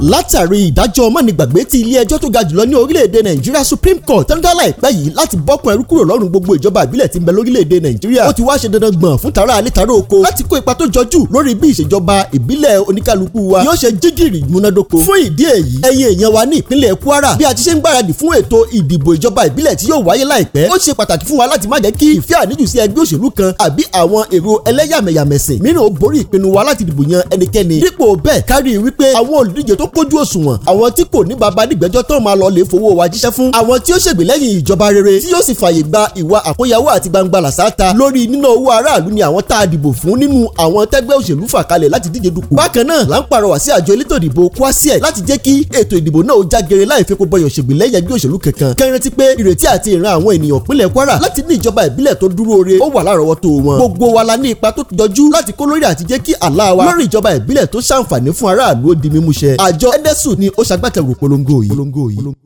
látàrí ìdájọ́ mánigbàgbé ti ilé ẹjọ́ tó ga jùlọ ní orílẹ̀-èdè nàìjíríà supreme court tẹ́ńdá láìpẹ́ yìí láti bọ́kùn ẹrú kúrò lọ́rùn gbogbo ìjọba ìbílẹ̀ ti ń bẹ lórílẹ̀-èdè nàìjíríà ó ti wá ṣe dandan gbọ̀n fún tara alẹ́ tara oko láti kó ipa tó jọjú lórí bí ìṣèjọba ìbílẹ̀ oníkálukú wa yóò ṣe jígìrì múnádóko fún ìdí èyí ẹ̀yin èèyàn wa ní ìpínlẹ̀ kwara bí a ti ṣe ń gbáradì fún ètò ìdìbò ìjọba ìbílẹ̀ tí yóò wáyé láìpẹ́ ó ṣe pàtàkì fún wa láti má jẹ́ kí ìfẹ́ àníjù sí ẹgbẹ́ òṣèlú kan àbí àwọn èrò ẹlẹ́yàmẹ̀yàmẹ̀sìn mìíràn ó borí ìpinnu wa láti dìbò yan ẹnikẹ́ni dípò bẹ́ẹ̀ kárí wípé àwọn olùdíje tó tó kójú òṣùwọ̀n àwọn tí kò ní baba nígbẹ́jọ́ tó máa lọ lè fowó wa jíṣẹ́ fún àwọn tí ó ṣègbèlẹ́yìn ìjọba rere tí yóò sì fàyè gba ìwà àkóyawọ́ àti gbangba làṣáta lórí níná owó aráàlú ni àwọn tá a dìbò fún nínú àwọn tẹ́gbẹ́ òṣèlú fà kalẹ̀ láti díje dupò bákan náà là ń pàrọwà sí àjọ elétò ìdìbò kwasiẹ̀ láti jẹ́ kí ètò ìdìbò náà ó já gere láì fi kó bọyọ̀ ṣègbèlẹ́yìn ẹgbẹ́ òṣèlú kankan kẹrìntì pé ìrètí àti ìran àwọn ènìyàn pínlẹ̀ Kwara láti ní ìjọba ìbílẹ̀ tó re ó wà lárọ̀ọ́wọ́tó wọn gbogbo wa la ní ipa tó jọjú láti kó lórí àti jẹ́ kí àlá wa lórí ìjọba ìbílẹ̀ tó ṣàǹfààní fún aráàlú ó àjọ enesu ni ó ṣagbátẹrù polongo yìí.